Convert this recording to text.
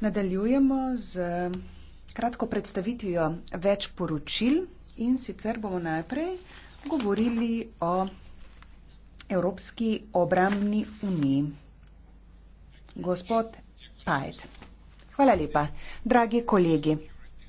nadaljujemo s kratko predstavitvijo več poročil in sicer bomo najprej govorili o Evropski obrambni uniji. Gospod Pajt. Hvala lepa. Dragi kolegi.